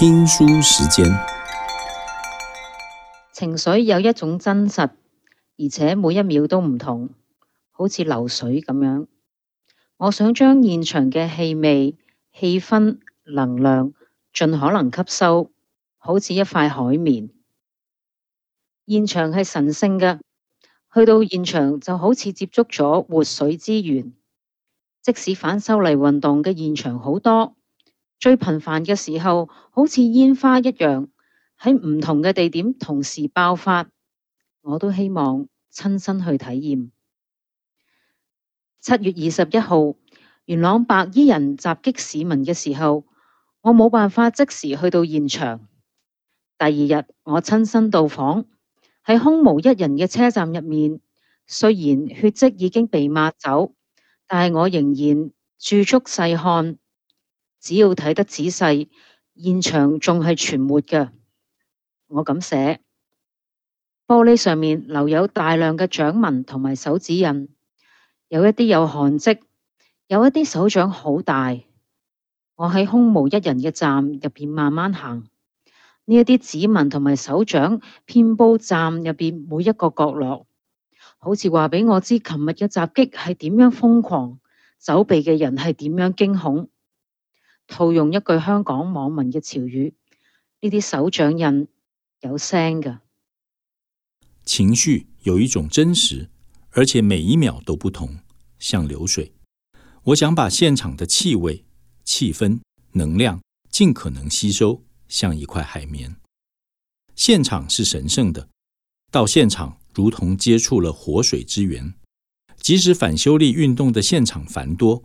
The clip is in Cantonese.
聽書時間，情緒有一種真實，而且每一秒都唔同，好似流水咁樣。我想將現場嘅氣味、氣氛、能量盡可能吸收，好似一塊海綿。現場係神聖嘅，去到現場就好似接觸咗活水資源。即使反修例運動嘅現場好多。最頻繁嘅時候，好似煙花一樣喺唔同嘅地點同時爆發，我都希望親身去體驗。七月二十一號元朗白衣人襲擊市民嘅時候，我冇辦法即時去到現場。第二日我親身到訪喺空無一人嘅車站入面，雖然血跡已經被抹走，但係我仍然駐足細看。只要睇得仔細，現場仲係全沒嘅。我咁寫，玻璃上面留有大量嘅掌紋同埋手指印，有一啲有汗跡，有一啲手掌好大。我喺空無一人嘅站入邊慢慢行，呢一啲指紋同埋手掌遍布站入邊每一個角落，好似話畀我知，琴日嘅襲擊係點樣瘋狂，走避嘅人係點樣驚恐。套用一句香港網民嘅潮語：呢啲手掌印有聲嘅。情緒有一種真實，而且每一秒都不同，像流水。我想把現場的氣味、氣氛、能量盡可能吸收，像一塊海綿。現場是神聖的，到現場如同接觸了活水之源。即使反修例運動的現場繁多。